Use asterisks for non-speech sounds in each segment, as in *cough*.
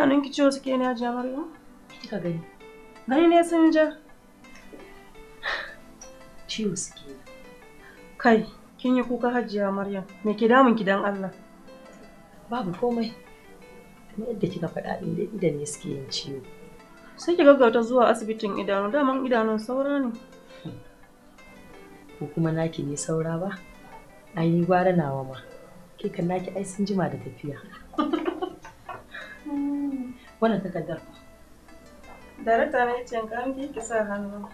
idanunki ciwo suke ne hajiya Maryam? Kika gani? Gani ne sun ja. Ciwo suke. Kai, kin yi kuka hajiya Maryam. Me ke damun ki dan Allah? Babu komai. Kuma yadda kika faɗa din da idan ne suke yin ciwo. Sai ki gaggauta zuwa asibitin idanu, daman idanun saura ne. Ko kuma naki ne saura ba? Ai gwara nawa ma. Kika naki ai sun jima da tafiya. wannan takardar fa. Darakta na ce kan ki sa hannu.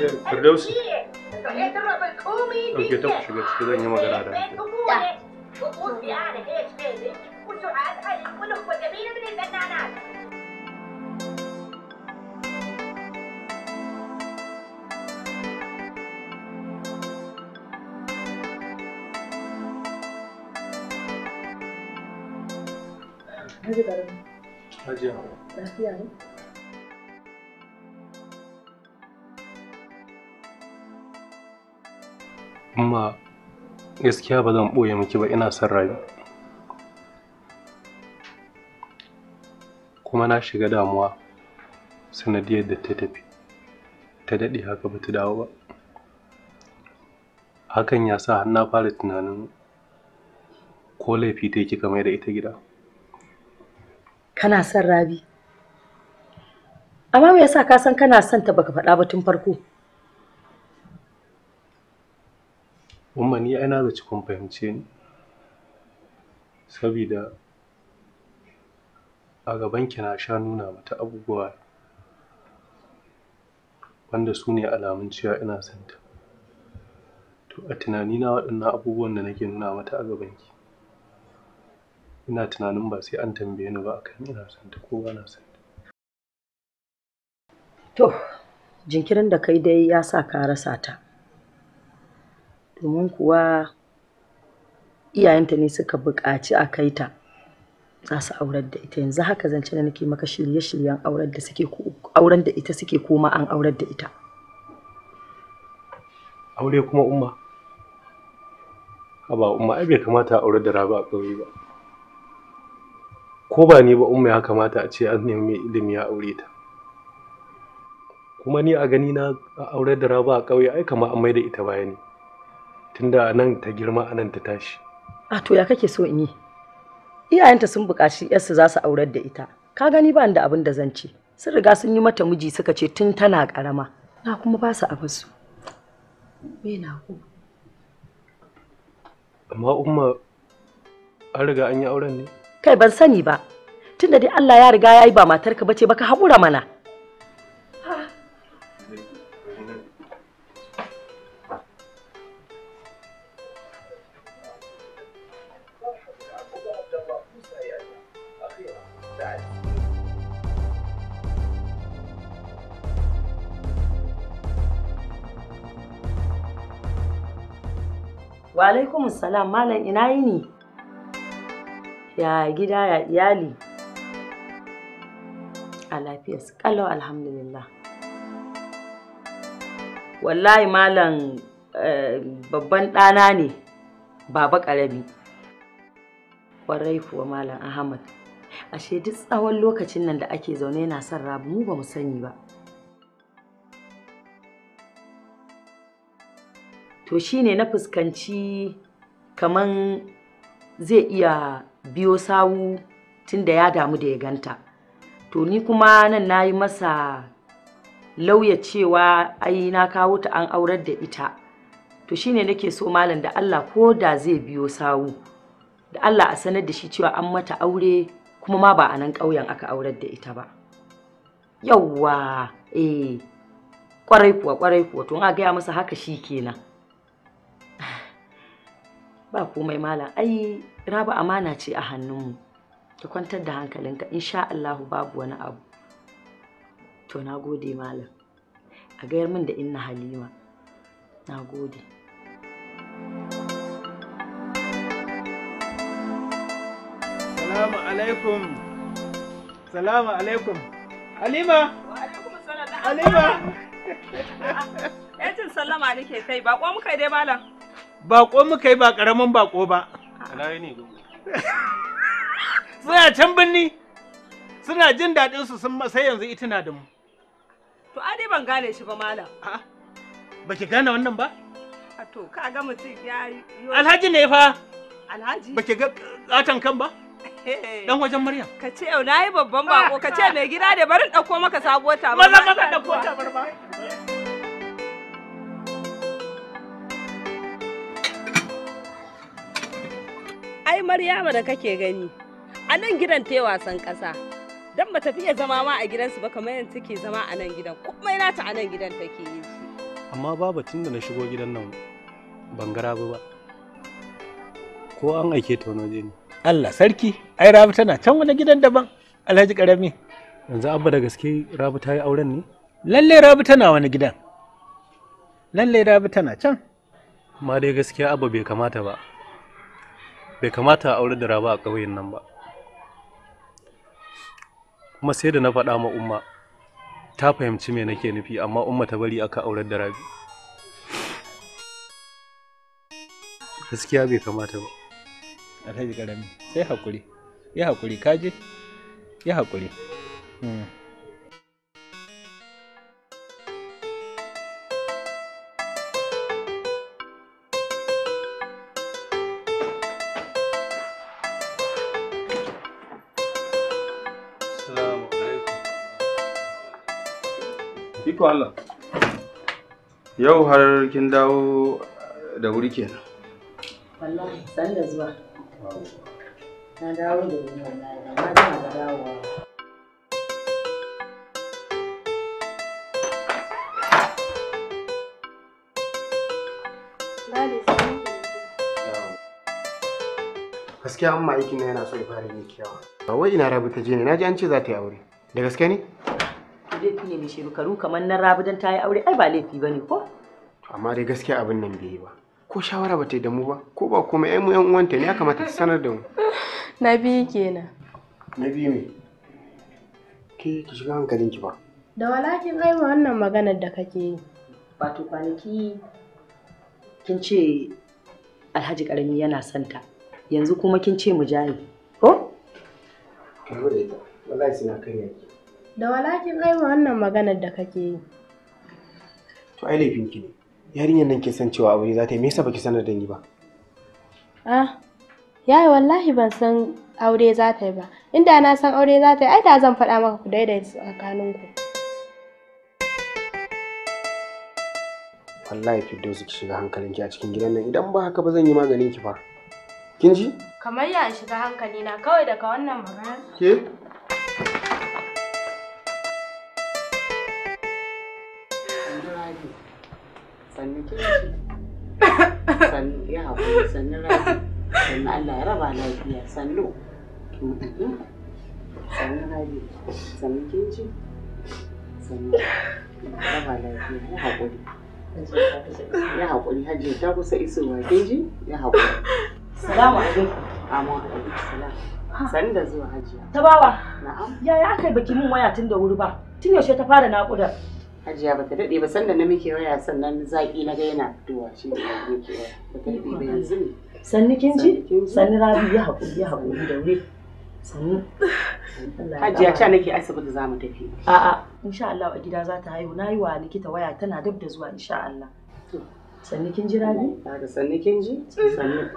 Вернемся? Ɗauke ta ku shiga ciki zan yi da ku. Hajiya. Lafiya ne? amma gaskiya ba zan ɓoye miki ba ina son rabi kuma na shiga damuwa sanadiyar da ta tafi ta daɗe haka ba ta dawo ba hakan ya sa na fara tunanin ko laifi ta kika mai da ita gida kana son rabi amma me yasa ka san kana son ta baka faɗa ba tun farko kuma ni ai na zaci kun fahimce ni. Sabida a ki na sha nuna mata abubuwa wanda su ne alamun cewa ina son ta. To a tunani na waɗannan abubuwan da nake nuna mata a ki ina tunanin ba sai an tambaye ni ba akan ina son ta ko ba na son ta. To, jinkirin da kai dai ya sa ka rasa ta. domin kuwa iyayenta ne suka buƙaci a kai ta za su aurar da ita yanzu haka zance da nake maka shirye-shiryen aurar da suke auren da ita suke koma an aurar da ita aure kuma umma haba umma ai bai kamata a aurar da rabi a ƙauye ba ko ba ni ba umma ya kamata a ce an nemi ilimi ya aure ta kuma ni a gani na aurar da rabi a ƙauye ai kamar an mai da ita baya ne tunda a nan ta girma a nan ta tashi a to ya kake so in yi iyayenta sun buƙaci yarsu za su aurar da ita ka gani ba da abin da zan ce sun riga sun yi mata miji suka ce tun tana ƙarama na kuma ba su abin su me na ku amma umma an riga an yi auren ne kai ban sani ba tunda dai Allah ya riga ya yi ba matarka bace baka haƙura mana Wa alaikum salam malam ina yini? Ya gida ya iyali? A lafiya su kalau alhamdulillah. Wallahi malam eh, babban ɗana ne baba ƙarami. Ƙwarai kuwa malam Ahmad. Ashe duk tsawon lokacin nan da ake zaune yana son rabu mu ba mu sani ba. to shine na fuskanci kaman zai iya biyo sawu tunda ya damu da ya ganta to ni kuma nan na yi masa lauya cewa ai na kawo ta an aurar da ita to shine nake so malam da Allah ko da zai biyo sawu da Allah a sanar da shi cewa an mata aure kuma ma ba a nan ƙauyen aka aurar da ita ba yawwa eh kwarai kuwa kwarai kuwa to ga gaya masa haka shi kenan ba komai malam ai raba amana ce a hannunmu ki kwantar da hankalinka insha Allahu babu wani abu to na gode malam a gayar min da inna halima na gode salamu alaikum salamu alaikum halima halima yacin *laughs* sallama nake kai ba muka dai malam Bako muka yi ba karamin bako ba. Suna can birni suna jin daɗin su sun sai yanzu ituna da mu. To dai ban gane shi ba malam. Ba ki gane wannan ba? A To ka ga mutum ya yi. Alhaji ne fa. Alhaji. Ba ki ga katon kan ba? Dan wajen Maryam. Ka ce yau na yi babban bako ka ce mai gida da barin ɗauko maka sabuwa sabuwar ba. Maza maza ɗauko ba. ai maryama da kake gani a nan gidan ta wasan ƙasa don ba ta fiye zama ma a gidansu ba kamar yadda take zama a nan gidan kuma yana ta a nan gidan take yi shi amma babu tun da na shigo gidan nan ban ga ba ko an aike ta wani waje ne Allah sarki ai rabu tana can wani gidan daban Alhaji karami yanzu abba da gaske rabu ta yi auren ne lalle rabu tana wani gidan lalle rabu tana can ma dai gaskiya abba bai kamata ba bai kamata a aure da raba a ƙauyen nan ba kuma sai da na faɗa ma umma ta fahimci me nake nufi amma umma ta bari aka aure da rabi gaskiya bai kamata ba alhaji karami sai hakuri ya hakuri kaje ya hakuri hmm. Iko Allah. Yau har kin dawo da wuri kenan. Wallahi san da zuwa. Na dawo da wuri wallahi amma ina ga dawowa. gaskiya amma aikin na yana so ya fara yi kyawa. wai ina rabu ta je ne, na ji an ce za ta yi aure. Da gaske ne? laifi ne mai shekaru kamar na rabu don ta yi aure ai ba laifi ba ne ko? amma dai gaskiya abin nan bai yi ba ko shawara ba ta yi da mu ba ko ba kuma yan mu yan uwanta ne ya kamata ta sanar da mu. *laughs* na biyu kenan. na biyu me? ke ki shiga hankalin ki ba. da walakin ai wannan maganar da kake yi. wato kwanaki kin ce alhaji karami yana santa yanzu kuma kin ce mujahid ko? kamar da ita wallahi suna kan yaki. Da walakin ai wannan maganar da kake yi. To ai laifin ki ne. Yarinyar nan ke san cewa aure za ta yi me yasa baki sanar da ni ba? Ah, yayi wallahi ban san aure za ta yi ba. Inda na san aure za ta yi ai da zan faɗa maka ku daidaita tsakaninku. Wallahi Firdausu ki shiga hankalinki a cikin gidan nan idan ba haka ba zan yi maganin ki fa. Kin ji? Kamar ya shiga hankalina kawai daga wannan magana. Ke? sannu kin ci ya haƙuri sannu rafi sannu Allah ya raba lafiya sannu sannu rafi sannu kin ci sannu ya raba lafiya ya haƙuri ya haƙuri hajji ta kusa isowa kin ji ya haƙuri salamu alaikum amma alaikum salam sani da zuwa hajiya tabawa na'am yaya aka baki mun waya tun da wuri ba tun yaushe ta fara naƙudar ajiya ba ta daɗe ba sanda na muke waya sannan zaƙi na ga yana fitowa shi ne na muke ba ta daɗe ba yanzu ne. Sannu kin ji? Sannu rabi ya haƙuri ya haƙuri da wuri. Sannu. Hajiya ca nake asibiti za mu tafi. A'a insha Allah a gida za ta haihu na yi wa likita waya tana dab da zuwa insha Allah. Sannu kin ji rabi? Sannu kin ji? Sannu.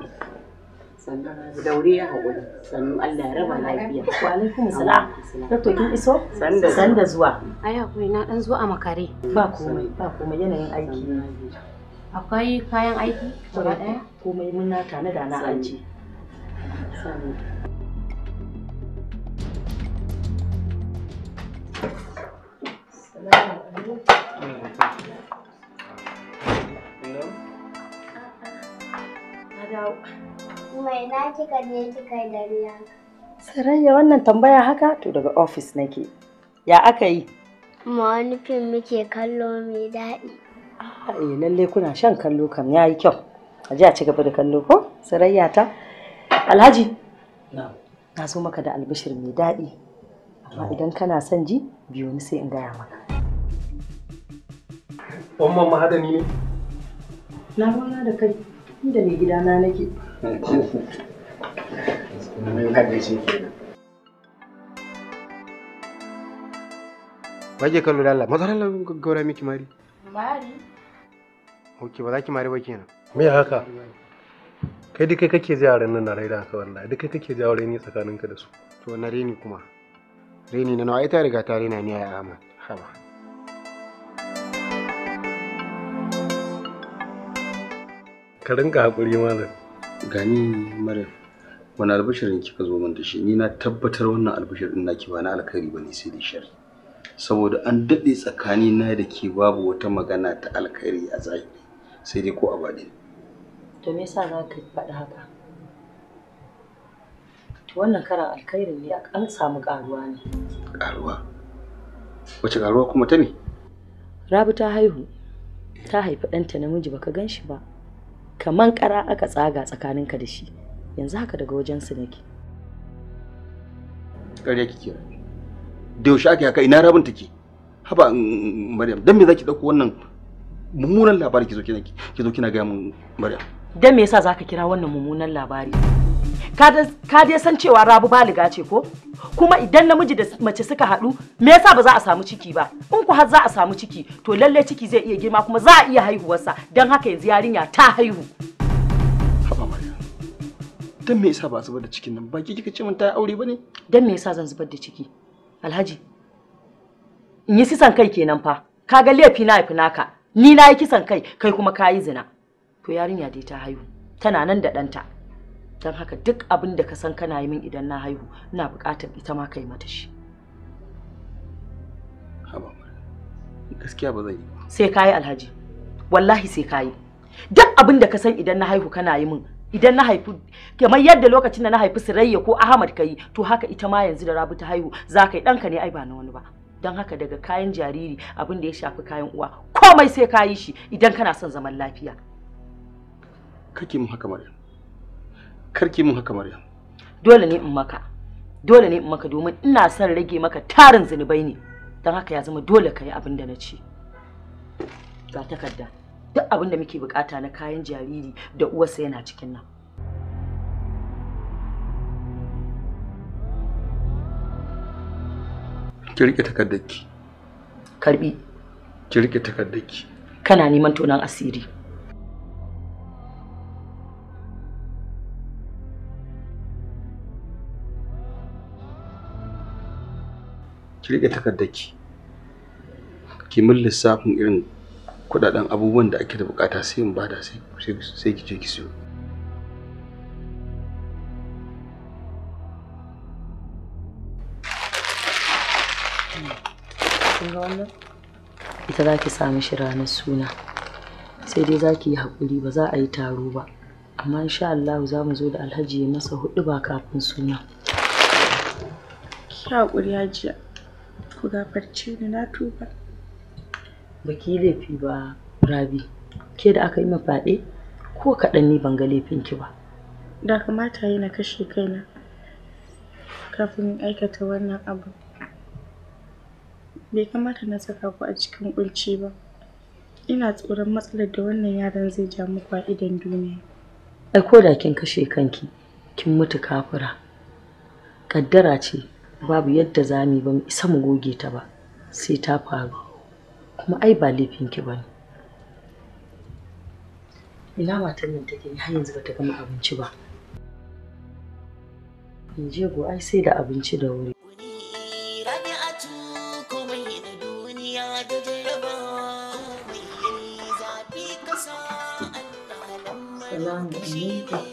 da daure ya haƙuri sannan Allah ya raba lafiya wa alaikum salam dokto kin iso san da zuwa ai hakuri na dan zuwa a makare ba komai ba komai yanayin aiki akwai kayan aiki gaba daya komai mun na tana da na aji Hello. kika je Sarayya wannan tambaya haka to daga ofis nake. Ya aka yi? Ma wani fim muke kallo mai daɗi. Ah, eh lalle kuna shan kallo kam ya yi kyau. A ji a ci gaba da kallo ko? Sarayya ta? Alhaji? Na so maka da albishir mai daɗi. Amma idan kana son ji, biyo ni sai in gaya maka. Wannan mahadani ne? Na rana da kai, inda mai gidana nake. *laughs* Wage kallo da Allah, mazalar lalun gaggaura miki mari. Mari? Ok, ba za ki mari ba kenan. Me haka? Kai duka kake ji yaran nan na raina haka wallahi, duka kake ji yaran ni tsakaninka da su. To na reni kuma. Reni na nawa ita riga ta rena ni a Ahmad. Haba. ka rinka hakuri malam gani mara wani albashirin kika zo min da shi ni na tabbatar wannan albashir din naki ba na alkhairi bane sai da shari saboda an daɗe tsakani na da ke babu wata magana ta alkhairi a zahiri sai dai ko a baɗi to me yasa za ka faɗi haka to wannan karan alkhairin ne an samu ƙaruwa ne ƙaruwa wace ƙaruwa kuma ta ne? rabi ta haihu ta haifi ɗanta namiji baka gan shi ba kaman kara aka tsaga tsakaninka da shi yanzu haka daga wajensu nake ƙarya kike da yaushe aka haka ina rabin take haba mm, mm, maryam dan me zaki dauko wannan mummunan labari ki zo kina ki zo kina ga mun maryam dan me yasa zaka kira wannan mummunan labari ka dai san cewa rabu baliga ce ko kuma idan namiji da mace suka haɗu me yasa ba za a samu ciki ba in ku har za a samu ciki to lalle ciki zai iya girma kuma za a iya haihuwarsa don haka yanzu yarinya ta haihu haba maryam dan me yasa ba zubar da cikin nan baki kika ce mun ta aure bane dan me yasa zan zubar da ciki alhaji in yi sisan kai kenan fa kaga laifi na yafi naka ni na yi kisan kai kai kuma kayi zina to yarinya dai ta haihu tana nan da ɗanta don haka duk abin da ka san kana yi min idan na haihu ina buƙatar ita ma kai mata shi haba gaskiya ba zai yi sai kayi alhaji wallahi sai yi. duk abin da ka san idan na haihu kana yi min idan na haifi kamar yadda lokacin da na haifi Sirayya ko Ahmad ka yi to haka ita ma yanzu da Rabi ta haihu za ka yi ɗanka ne ai ba na wani ba don haka daga kayan jariri abin da ya shafi kayan uwa komai sai ka yi shi idan kana son zaman lafiya kake mu haka Maryam karki mun haka Maryam dole ne in maka dole ne in maka domin ina son rage maka tarin zunubai ne don haka ya zama dole ka yi abin da na ce ga takarda duk abin da muke bukata na kayan jariri da uwarsa yana cikin nan ki rike takardarki karbi ki rike takardarki kana neman tonan asiri riƙe takardarki ki mun lissafin irin kuɗaɗen abubuwan da ake da bukata sai in bada sai ki je ki siyo ita za ki sa ranar suna sai dai za ki yi haƙuri ba za a yi taro ba amma insha Allah za mu zo da alhaji ya masa hudu ba kafin suna ki haƙuri hajiya ku gafarce ni na tuba baki laifi ba rabi ke da aka yi ma faɗe ko kaɗan ni ban ga laifinki ba da kamata yi na kashe kaina kafin in aikata wannan abu bai kamata na saka ku a cikin ƙunci ba ina tsoron matsalar da wannan yaron zai ja muku a idon duniya ai ko da kin kashe kanki kin mutu kafura. kaddara ce babu yadda za mu ba mu isa mu goge ta ba sai ta faru kuma ai ba laifin ba ne ina matan nan take ni har yanzu bata gama abinci ba in je go ai sai da abinci da wuri Salamu alaikum.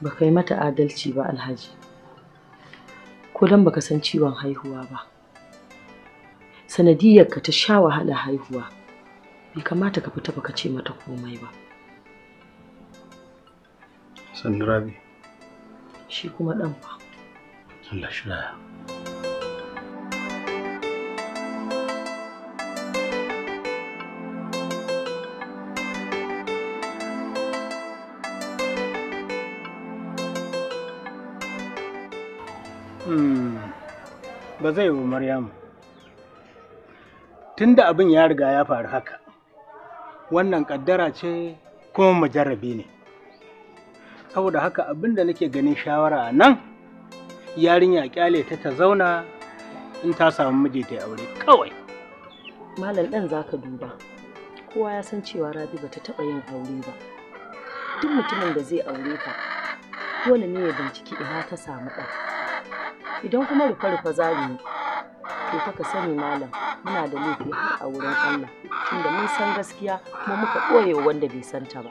ba kai mata adalci ba alhaji ko don baka san ciwon haihuwa ba sanadiyar ka ta sha wahala haihuwa bai kamata ka fita baka ce mata komai ba sannu rabi shi kuma ɗan fa Allah shi ba zai wa Maryamu. Tunda abin ya riga ya faru haka, wannan ƙaddara ce kuma mujarrabi ne. Saboda haka abin da nake ganin shawara a nan, yarinya kyale ta ta zauna in ta samu miji ta aure kawai. Malam ɗan za ka duba, kowa ya san cewa Rabi ba ta taɓa yin aure ba. Duk mutumin da zai aure ka, dole ne ya binciki ina ta samu ɗan. idan kuma rufe-rufe za mu yi to fa sani malam muna da laifi a wurin Allah tunda mun san gaskiya kuma muka ɓoye wanda bai san ta ba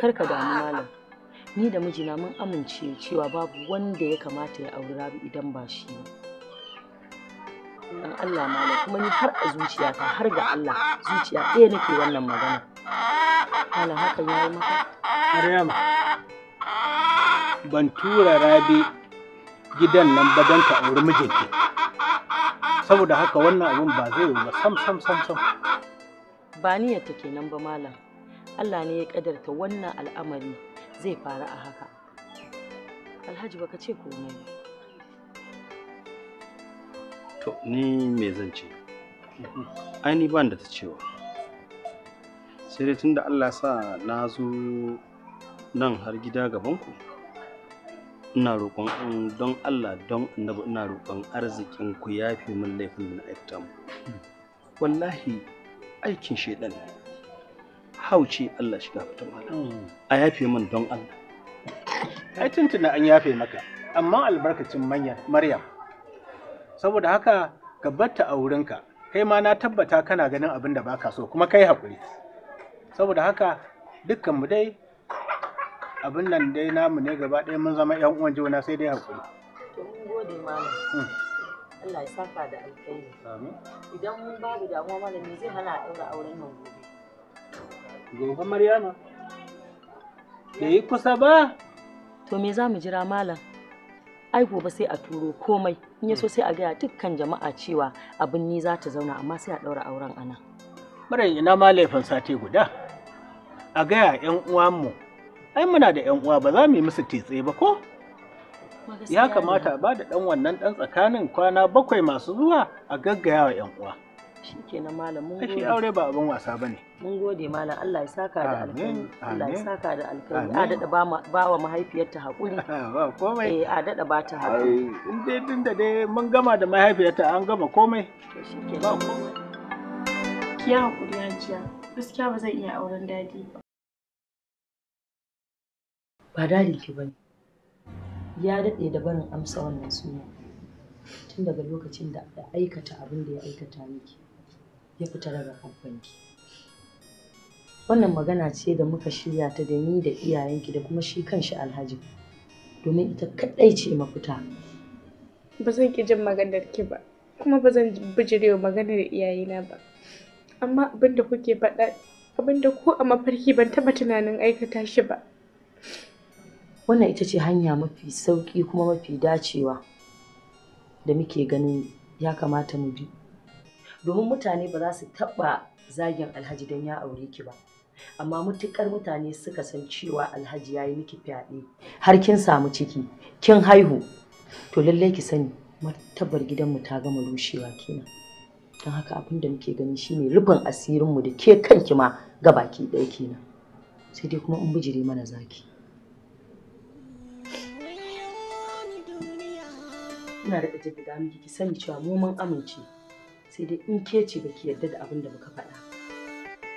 kar ka damu malam ni da mijina mun amince cewa babu wanda ya kamata ya auri rabi idan ba shi ba dan Allah malam kuma ni har a zuciyata har ga Allah zuciya ɗaya nake wannan magana malam hakan ya yi maka Maryam ban tura rabi gidan nan ba don ta auri mijinki saboda haka wannan abin ba zai ba sam sam sam sam ba niyyar ta kenan ba malam Allah ne ya kadarta wannan al'amari zai faru a haka Alhaji baka ce komai ba to ni me zan ce ai ni ban da ta cewa sai dai tunda Allah sa na zo nan har gida gaban ku ina roƙon um, don Allah don annabi ina roƙon arzikin ku ya fi min laifin da na aikata mu wallahi aikin shaidan hauce Allah shiga fita mana a yafe min don Allah ai tuntuna an yafe maka amma albarkacin manya Maryam saboda haka ka batta a wurinka kai ma na tabbata kana ganin abin da baka so kuma kai haƙuri saboda haka dukkanmu dai abin nan dai namu ne gaba ɗaya mun zama yan uwan juna sai dai hakuri to mun gode malam hmm. Allah ya saka da alkhairi amin idan mun babu damuwa malam ne zai hana a ɗaura auren nan gobe gobe maryama bai yi kusa ba to me za mu jira malam ai gobe sai a turo komai in ya so sai a gaya dukkan jama'a cewa abin ni za ta zauna amma sai a ɗaura auren ana. Mara ina ma laifin sati guda a gaya 'yan uwanmu ai muna da yan uwa ba za mu yi musu titse ba ko ya kamata a bada ɗan wannan ɗan tsakanin kwana bakwai masu zuwa a gaggaya wa yan uwa shikenan malam mun gode aure ba abin wasa bane mun gode malam Allah ya saka da alkhairi Allah ya saka da alkhairi a dada ba wa mahaifiyarta hakuri *laughs* ba komai eh a dada ba ta hakuri in dai din da dai mun gama da mahaifiyarta an gama komai to shikenan ba komai kiya hakuri hajiya gaskiya ba zan iya auren dadi ba dadi ki bane ya daɗe da barin amsa wannan suna tun daga lokacin da ya aikata abin da ya aikata miki ya fita daga kamfani wannan magana ce da muka shirya ta da ni da iyayenki da kuma shi kanshi alhaji domin ita kaɗai ce mafita ba zan ki jin maganar ki ba kuma ba zan bijirewa maganar iyayena ba amma abin da kuke faɗa abin da ko a mafarki ban taɓa tunanin aikata shi ba wannan ita ce hanya mafi sauƙi kuma mafi dacewa da muke ganin ya kamata mu bi domin mutane ba za su taɓa zagin alhaji don ya aure ki ba amma mutukar mutane suka san cewa alhaji ya yi miki fyaɗe har kin samu ciki kin haihu to lallai ki sani martabar gidanmu ta gama rushewa kenan don haka abin da muke gani shine rufin asirinmu da ke kanki ma ga baki ɗaya kenan sai dai kuma in bijire mana zaki ina da jaddada miki ki sani cewa mu mun amince sai dai in ke ce baki yarda da abin da muka faɗa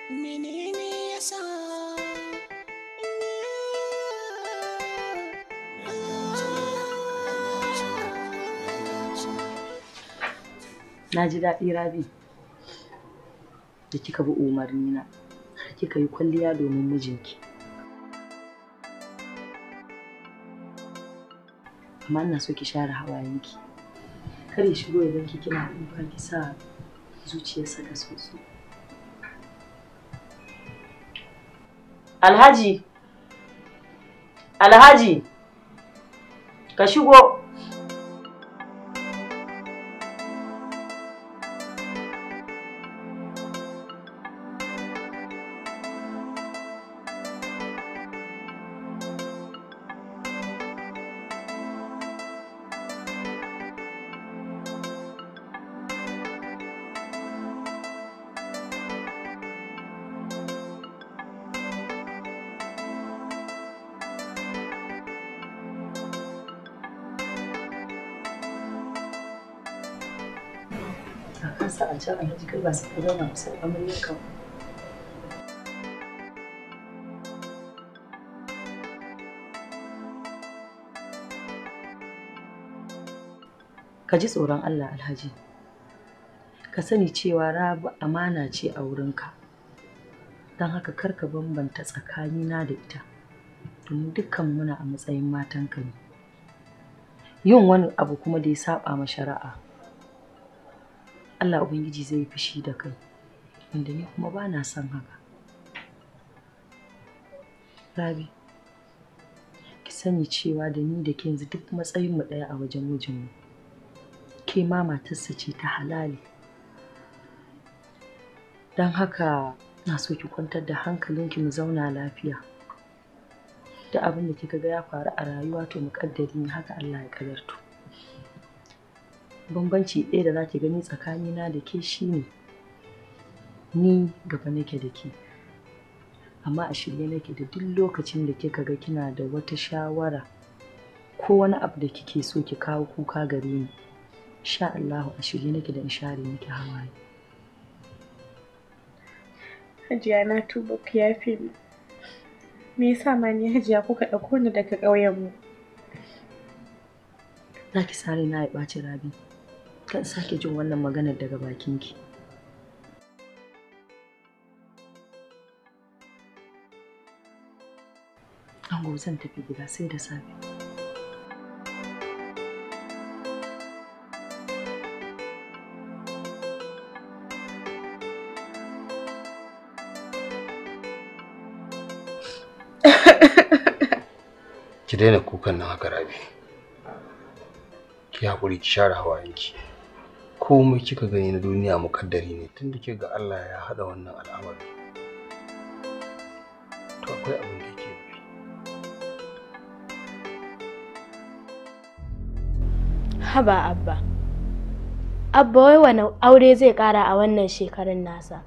menene yasa na ji daɗi rabi da kika bi umarnina na kika yi kwalliya domin mijinki amma ina so ki share hawayen ki kar ya shigo idan ki kina kuka ki sa zuciyarsa ka soso Alhaji Alhaji ka shigo ka ji tsoron Allah alhaji ka sani cewa rabu amana ce a wurinka don haka kar ka bambanta tsakanina da ita domin dukkan muna a matsayin matan ka ne yin wani abu kuma da ya saba ma shari'a Allah Ubangiji zai yi fushi da kai wanda ni kuma ba na son haka Rabi ki sani cewa da ni da ke yanzu duk matsayin mu ɗaya a wajen mu. ke ma matarsa ce ta halali don haka na so ki kwantar da hankalinki mu zauna lafiya Da abin da kika ga ya faru a rayuwa to muƙaddari ne haka Allah ya kadarto bambanci ɗaya da za ki gani tsakanina da ke shi ne ni gaba nake da ke amma a shirye nake da duk lokacin da kika ga kina da wata shawara ko wani abu da kike so ki kawo kuka gare ni sha Allahu a shirye nake da in share miki hawaye Hajiya na tuba ku fi ni me yasa ma ni Hajiya kuka ɗauko ni daga ƙauyen mu Za ki sare na ya ɓaci rabi. kan sake jin wannan maganar daga bakinki. Ango zan tafi gida sai da safe. *laughs* ki daina kukan nan haka rabi ki haƙuri ki share hawayenki komai kika gani na duniya mukaddari ne tunda kika ga Allah ya haɗa wannan al'amari to akwai abin da yake nufi haba abba abba wai wani aure zai ƙara a wannan shekarun nasa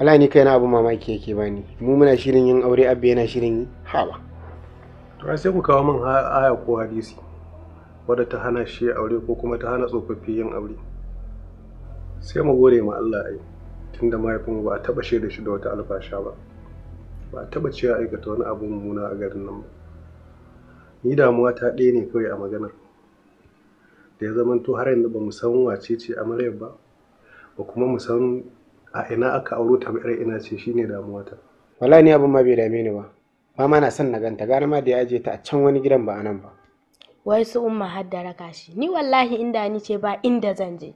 wallahi ni na abu mamaki yake bani mu muna shirin yin aure abba yana shirin yi hawa to sai ku kawo min aya ko hadisi wadda ta hana shi aure ko kuma ta hana tsofaffi yin aure sai mu gode ma Allah ai tunda mahaifinmu ba a taba da shi da wata alfasha ba ba a taba cewa aikata wani abu mummuna a garin nan ba ni damuwa ta ɗaya ne kawai a maganar da ya zamanto har yanzu ba mu san wace ce amaryar ba ba kuma mu san a ina aka auro ta mai ina ce shine damuwa ta wallahi ni abin ma bai dame ni ba ba ma na san na ganta gara ma da ya aje ta a can wani gidan ba anan ba wai su umma haddara kashi? ni wallahi inda ni ce ba inda zan je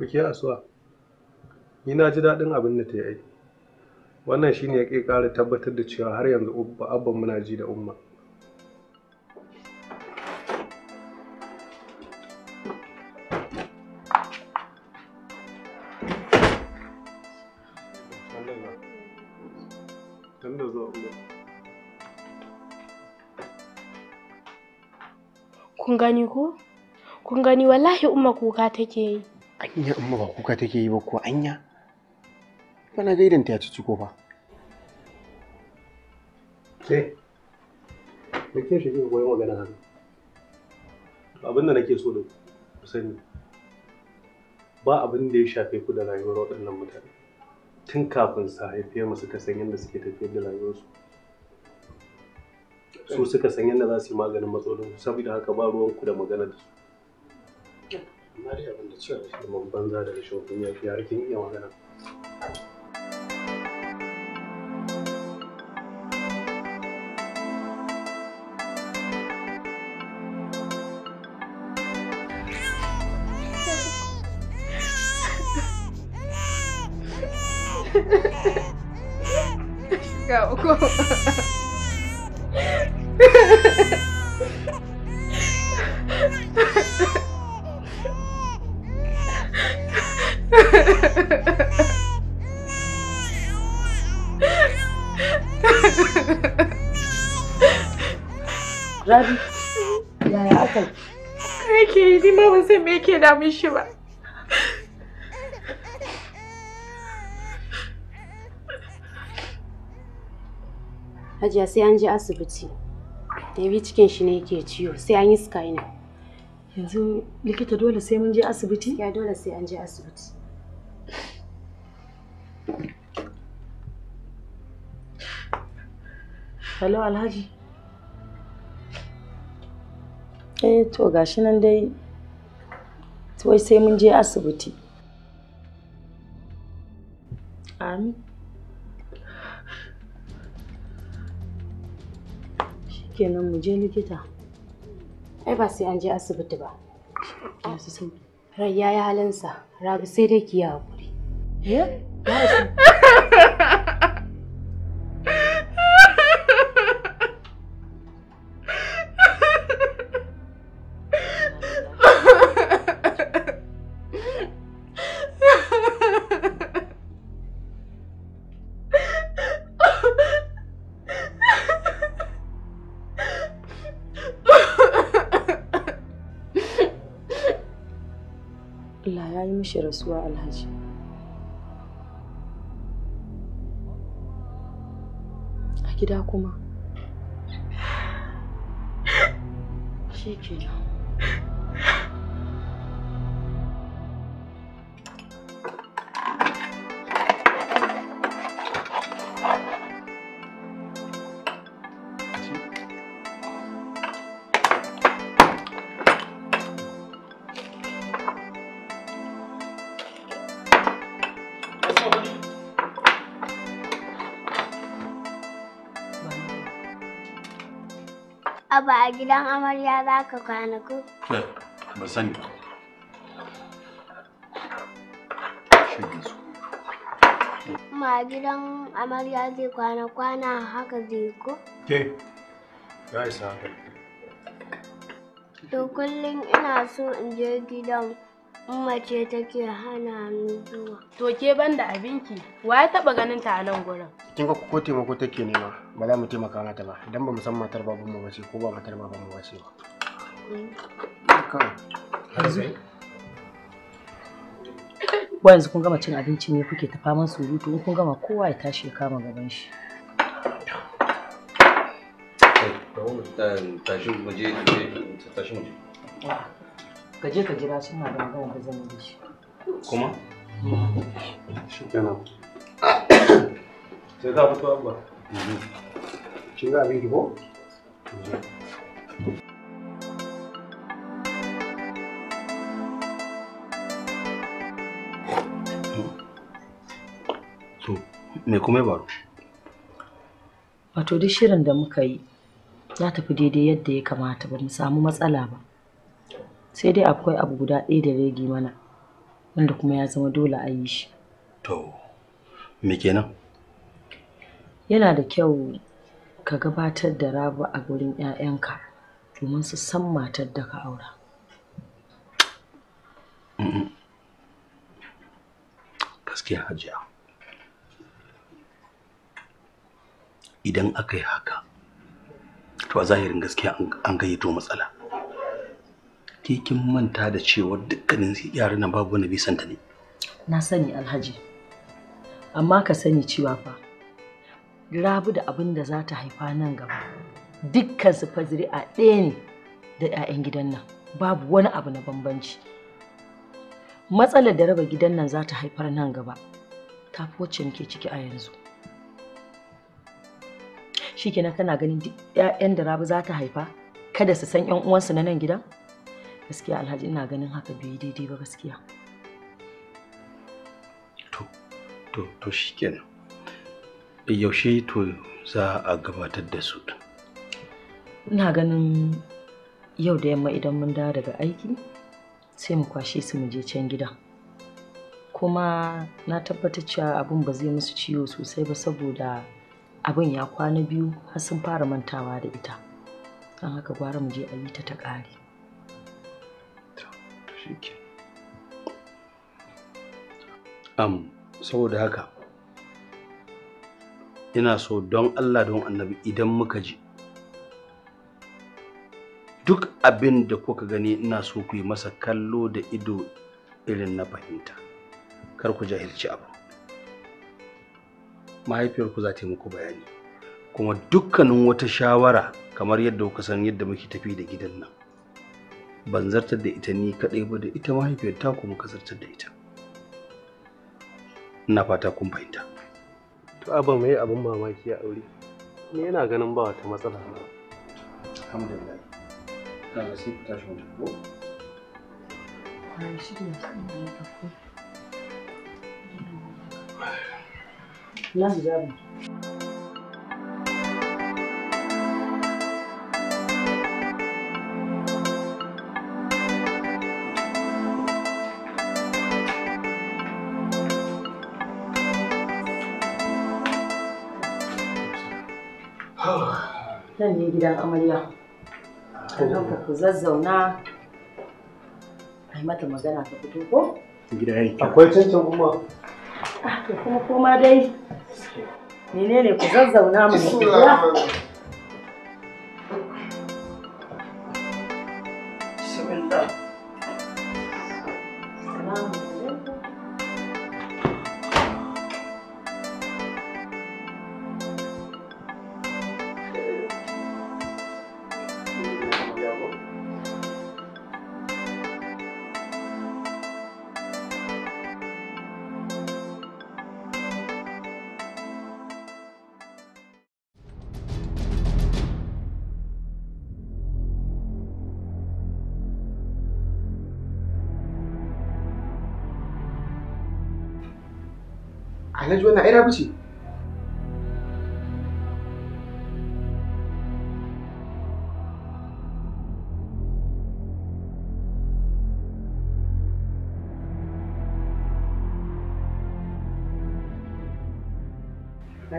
to ke asuwa ni na ji daɗin abin da ta yi wannan shine ya ƙara tabbatar da cewa har yanzu abban muna ji da umma kun gani ko kun gani wallahi umma kuka take yi anya amma ba kuka take yi ba ko anya bana gaidanta ya ci ciko ba ke me ke shi goyon magana haka to abin da nake so da ku sani ba abin da ya shafe ku da rayuwar waɗannan mutane tun kafin su haife mu suka san yadda suke tafiyar da rayuwarsu su suka san yadda za su yi maganin matsalolin saboda haka ba ruwanku da magana da su Maria, benedizione, stiamo abbandonando le sue opinioni di archivione. Go, go. *laughs* Rabi, yaya aka yi? Kai yi, ni ma ban san me yake damun shi ba. Hajiya sai an je asibiti. Dabi cikin shi ne yake ciwo, sai an yi scanning. Yanzu likita dole sai mun je asibiti? Ya dole sai an je asibiti. Hello Alhaji. eh to gashi nan dai wai sai mun je asibiti amin shikenan mu je likita ai ba sai an je asibiti ba rai ya yi halinsa rabi sai dai ki yi haƙuri eh *laughs* mishi rasuwa alhaji a gida kuma *sighs* shi kenan a gidan amarya za ka kwana ko? Ba sani ba. Ma gidan amarya zai kwana kwana haka zai ku? Ke, ya isa haka. To kullum ina so in je gidan umma mace take hana ni zuwa. To ke ban da abinki, wa ya taɓa ganin ta a nan gurin? Kin ga ko taimako take nema, ba za mu taimaka mata ba, dan ba mu san matar babanmu ba ce ko ba matar babanmu ba ce ba. Wa yanzu kun gama cin abinci ne kuke ta faman surutu in kun gama kowa ya tashi ya kama gaban shi. Tashin muje, tashin muje. ka je ka jira suna da magana da zan yi shi kuma shi kenan sai za ka fito abba shi za abin ki ko me kuma ya wato duk shirin da muka yi ya tafi daidai yadda ya kamata ba mu samu matsala ba sai dai akwai abu guda ɗaya da rage mana wanda kuma ya zama dole a yi shi to me kenan yana da kyau ka gabatar da rabu a gurin 'ya'yanka domin su san matar da ka aura gaskiya hajiya idan aka yi haka to a zahirin gaskiya an gayyato matsala ke kin manta da cewa dukkanin yaran nan babu wani bisan ta ne na sani alhaji amma ka sani cewa fa rabu da abin da za ta haifa nan gaba dukkan su fa a ɗaya ne da 'ya'yan gidan nan babu wani abu na bambanci matsalar da raba gidan nan za ta haifar nan gaba ta wacce nake ciki a yanzu Shi shikenan kana ganin duk 'ya'yan da rabu za ta haifa kada su san 'yan uwansu na nan gidan gaskiya alhaji ina ganin haka bai daidai ba gaskiya to to to shikenan eh, yaushe to za a gabatar da su ina ganin yau da yamma idan mun dawo daga aiki sai mu kwashe su mu je can gida kuma na tabbatar cewa abin ba zai musu ciwo sosai ba saboda abin ya kwana biyu har sun fara mantawa da ita don haka gwara mu je a ta ta ƙare shuke. Am, saboda haka, ina so don Allah don annabi idan muka ji duk abin da kuka gani ina so ku yi masa kallo da ido irin na fahimta kar ku jahilci abu mahaifiyarku za ta yi muku bayani kuma dukkanin wata shawara kamar yadda kuka san yadda muke tafi da gidan nan ban zartar da ita ni kaɗai ba da ita mahaifiyar ta kuma ka zartar da ita ina fata kun fahimta to abba mai abin mamaki a aure ni yana ganin ba wata matsala ba alhamdulillah kana ga sai ku tashi ko ai shi ne sai na zabi nan ne gidan amarya ka ku zazzauna a yi mata magana ka fito ko gida akwai cancan kuma ah, to kuma koma dai menene ku zazzauna mu ne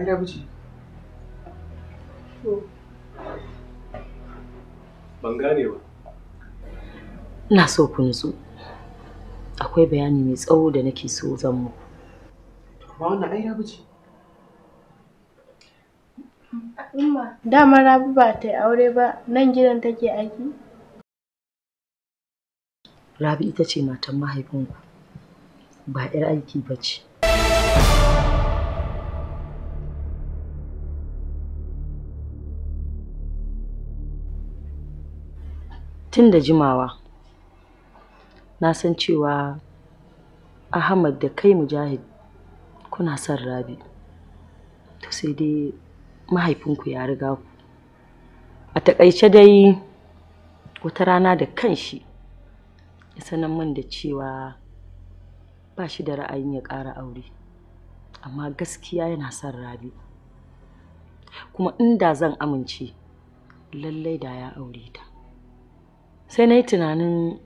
yi Ban gane ba. Ina so ku nutsu Akwai bayani mai tsawo da nake so zan mu. Ba wannan ai Umma, dama Rabi ba ta yi aure ba, nan gidan take aiki? Rabi ita ce matan mahaifinku, ba 'yar aiki ba ce. tun da jimawa na san cewa ahmad da kai mujahid kuna son rabi to sai dai mahaifinku ya riga ku a takaice dai wata rana da kanshi ya sanar min da cewa ba shi da ra'ayin ya ƙara aure amma gaskiya yana son rabi kuma inda zan amince lallai da ya aure ta sai na yi tunanin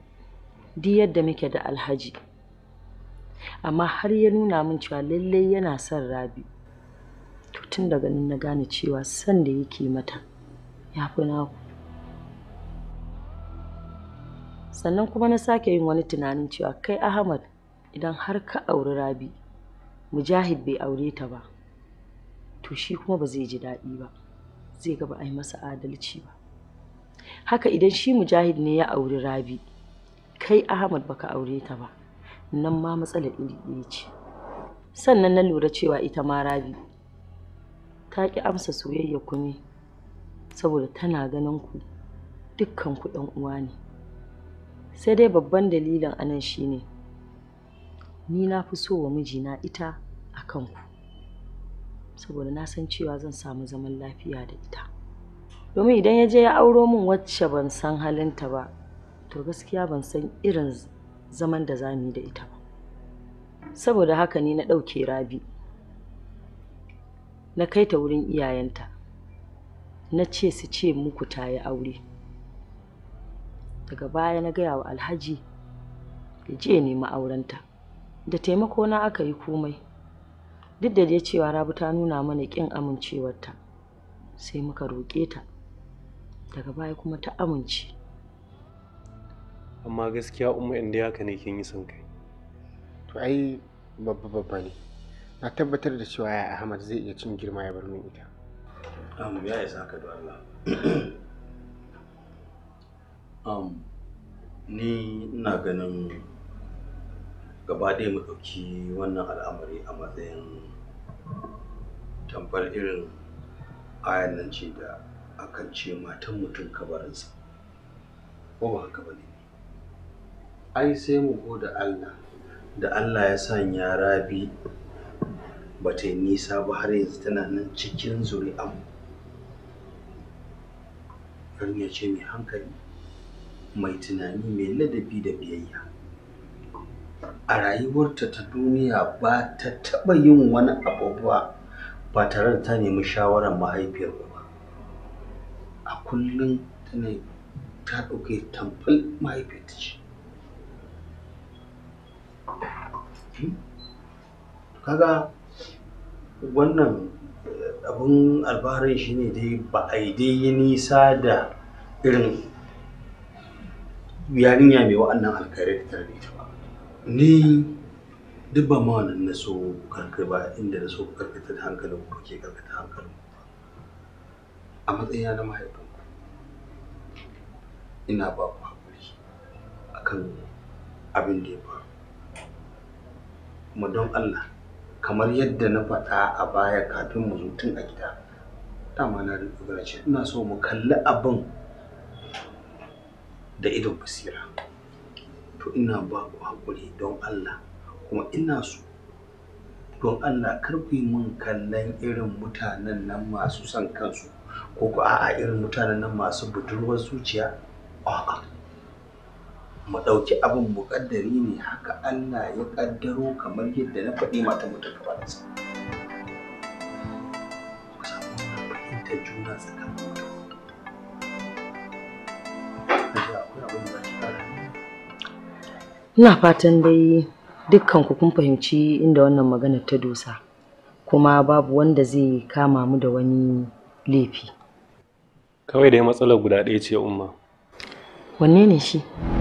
diyar yadda muke da alhaji amma har ya nuna min cewa lallai yana son rabi to tun daga nan na gane cewa son da yake mata ya fi naku sannan kuma na sake yin wani tunanin cewa kai ahmad idan har ka auri rabi mujahid bai aure ta ba to shi kuma ba zai ji daɗi ba zai gaba a yi masa adalci ba haka idan shi mujahid ne ya auri rabi kai ahmad baka aure ta ba nan ma matsalar iri ɗaya ce sannan na lura cewa ita ma rabi ta ki amsa soyayya ku ne saboda tana ganin ku dukkan ku ɗan uwa ne sai dai babban dalilin anan shine ni na fi so wa mijina ita a kanku saboda na san cewa zan samu zaman lafiya da ita domin idan ya je ya auro min wacce ban san halinta ba to gaskiya ban san irin zaman da za mu da ita ba saboda haka ni na ɗauke rabi na kai ta wurin iyayenta na ce su ce muku ta yi aure daga baya na gaya wa alhaji ya je nemi aurenta da taimako na aka yi komai duk da ya cewa rabu ta nuna mana ƙin amincewarta sai muka roƙe ta daga baya kuma ta amince amma gaskiya umma inda haka ne kin yi son kai to ai babba babba ne na tabbatar da cewa ya ahmad zai iya cin girma ya bar min ita am ya isa ka da Allah am ni ina ganin gaba ɗaya mu ɗauki wannan al'amari a matsayin tamfar irin ayan nan ce da akan ce matan mutum kabarinsa ko ba haka bane ai sai mu goda Allah da Allah ya sanya rabi ba ta yi nisa ba har yanzu tana nan cikin zuri'an ya ce mai hankali mai tunani mai ladabi da biyayya a rayuwarta ta duniya ba ta taɓa yin wani abubuwa ba tare da ta nemi shawarar mahaifiyar kullum tana ta ɗauke tamfal mahaifiyarta ce hmm? kaga wannan eh, abun albarin shi ne dai ba a yi dai yi nisa da irin yarinya mai wa'annan alkhairai da tare da ita ba ni duk ba wannan na so karkai ba inda na so karkata da hankalin ku ke karkata hankalin a matsayina na mahaifin ina ba ku haƙuri kan abin da ya faru kuma don Allah kamar yadda na faɗa a baya kafin mu zo tun a gida dama na rubuta ce ina so mu kalli abin da idon basira to ina ba ku haƙuri don Allah kuma ina so don Allah kar ku yi min kallon irin mutanen nan masu son kansu ko ku a'a irin mutanen nan masu budurwar zuciya mu ɗauki abin muƙaddari ne haka Allah ya ƙaddaro kamar yadda na faɗi mata mutum ka bada sa. fahimtar juna tsakanin Ina fatan dai dukkan ku kun fahimci inda wannan maganar ta dosa kuma babu wanda zai kama mu da wani laifi. Kawai dai matsalar guda ɗaya ce umma. Wanne ne shi?